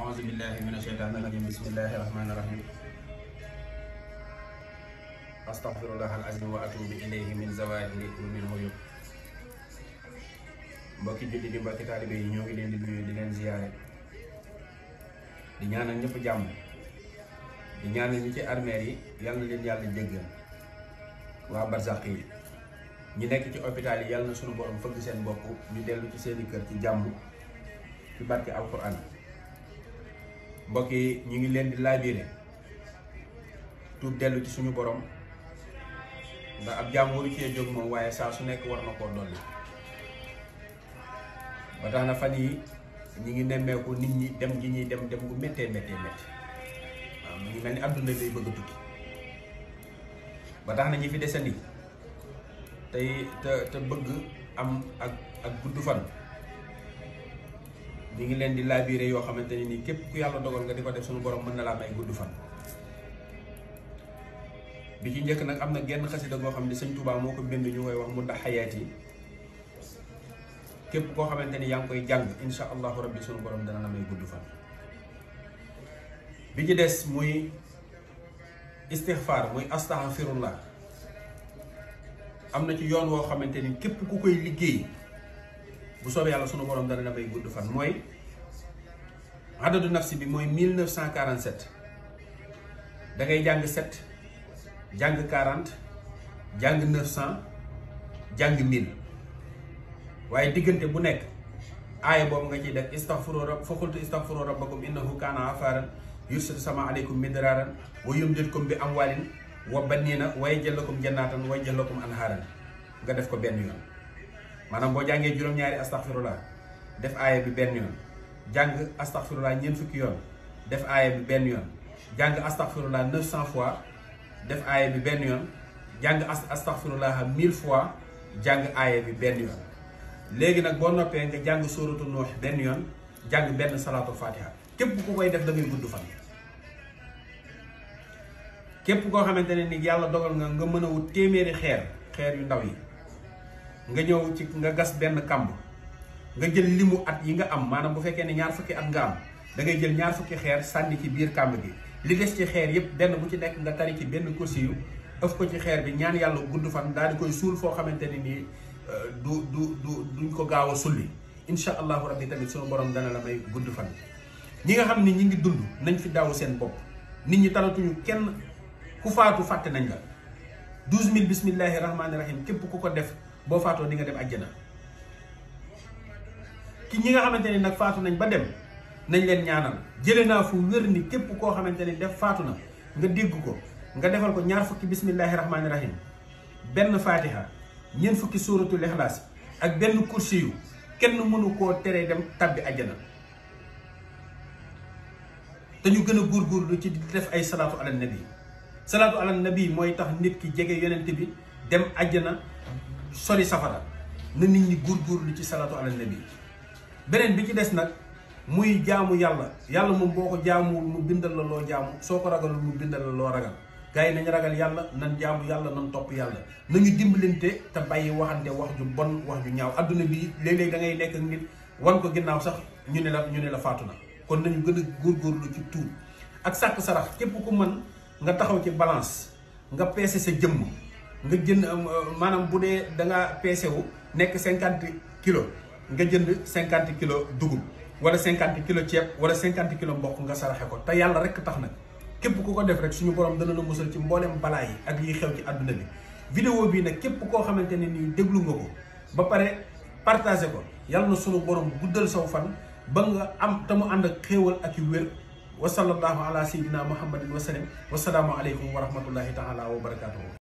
أعوذ بالله من الشيطان الرجيم بسم الله الرحمن الرحيم أستغفر الله العظيم وأتوب إليه من زوال ومن عيوب mbokki julli di mbokki taalibe yi ñoo ngi leen di nuyu di leen ziyaare di ñaanal ñëpp jàmm di ñaanal ñi ci armeer yi yal na leen yàlla jéggal waa barzaq yi ñi nekk ci hôpital yi yal na sunu borom fëgg seen bopp ñu dellu ci seeni kër ci jàmm ci barke alquran mbokk yi ñu ngi leen di laabire tuub dellu ci suñu boroom ndax ab jaam waru cee jóg moom waaye saa su nekk war na koo dolli ba tax na fan yi ñu ngi nemmeeku nit ñi dem gi ñuy dem dem gu méttee méttee métti waaw mu ngi mel ni adduna lay bëgg a tukki ba tax na ñi fi desandi tey te te bëgg am ak ak gudd fan ñu ngi leen di labiré yoo xamante ne nii képp ku yàlla dogal nga di ko def suñu borom mën na laa may gudd fan. bi ci njëkk nag am na genn xasida goo xam ne sëñ Touba moo ko bind ñu koy wax mu ndax xayaat yi képp koo xamante ni yaa ngi koy jàng insha allahu rabbi suñu borom dana la may gudd fan. bi ci des muy istixfaar muy astaxfirullah am na ci yoon woo xamante ni képp ku koy liggéey. bu soobee yàlla sunu borom dana damay gudd fan mooy adadu nafsi bi mooy 1947 da ngay jàng 7 jàng 40 jàng 900 jàng 1000 waaye diggante bu nekk aaya boobu nga ciy def istaghfiru rabb fa qultu istaghfiru rabbakum innahu kaana ghafaaran yursil sama aleykum midraaran wa yumdidkum bi amwaalin wa baniina wa yaj'al lakum jannaatan wa yaj'al lakum anhaaran nga def ko benn yoon maanaam boo jàngee juróom-ñaari astaxfirullah def aaya bi benn yoon jàng astaxfirullah ñeent fukki yoon def aaya bi benn yoon jàng astaxfirullah 900 fois def aaya bi benn yoon jàng astaxfirullah 1000 fois jàng aaya bi benn yoon léegi nag boo noppee nga jàng sóoratu nuux benn yoon jàng benn salaatul fatiha képp ku koy def da gudd fan képp koo xamante ne ni yàlla dogal nga nga mën a wut téeméeri xeer xeer yu ndaw yi nga ñëw ci nga gas benn kàmb nga jël limu at yi nga am maanaam bu fekkee ne ñaar fukki at nga am dangay jël ñaar fukki xeer sànni ci biir kàmb gi li des ci xeer yëpp benn bu ci nekk nga tari ci benn kursiyu ëf ko ci xeer bi ñaan yàlla gudd fan daal di koy suul foo xamante ne nii euh, du du du duñ ko gaaw a sulli incha allahu rabbi tamit sunu borom dana la may gudd fan. ñi nga xam ni ñi ngi dund nañ fi daaw seen bopp nit ñi talatuñu kenn ku faatu fàtte nañ la 12000 bismillahi rahmaani rahim képp ku ko def. boo faatoo di nga dem àjjana ki ñi nga xamante ni nag faatu nañ ba dem nañ leen ñaanal jële naa fu wér ni képp koo xamante ni def faatu na nga dégg ko nga defal ko ñaar fukki bismillahi rahmaani rahim benn fatiha ñeen fukki suuratul ixlaas ak benn kursi yu kenn mënu koo teree dem tabbi àjjana te ñu gën a góorgóorlu ci di def ay salaatu ala nabi salaatu ala nabi mooy tax nit ki jege yonent bi dem àjjana sori safara na nit ñi góorgóorlu ci salatu ala nabi beneen bi ci des nag muy jaamu yàlla yàlla moom boo ko jaamuwul mu bindal la loo jaamu soo ko ragalul mu bindal la loo ragal gars yi nañu ragal yàlla nan jaamu yàlla nan topp yàlla na ñu dimbalante te bàyyi waxante wax ju bon wax ju ñaaw àdduna bi léeg-léeg da ngay nekk ak nit wan ko ginnaaw sax ñu ne la ñu ne la faatu na kon nañu gën a góorgóorlu ci tuub ak sàkk sarax képp ku mën nga taxaw ci balance nga peese sa jëmm nga jënd euh, maanaam bu dee da nga peese wu nekk cinquante kilos nga jënd cinquante kilos dugub wala cinquante kilo ceeb wala cinquante kilos mboq nga saraxe ko te yàlla rek tax nag képp ku ko def rek suñu borom dana la musal ci mboolem balaa yi ak yi xew ci àdduna bi. vidéo bii nag képp koo xamante ne nii déglu nga ko ba pare partagé ko yàlla na sunu borom guddal saw fan ba nga am te mu ànd ak xéewal ak yu wér wa sallallahu ala sayyidina muhammadin wa sallam wa salaamu aleykum wa rahmatullahi taala wa barakaatuhu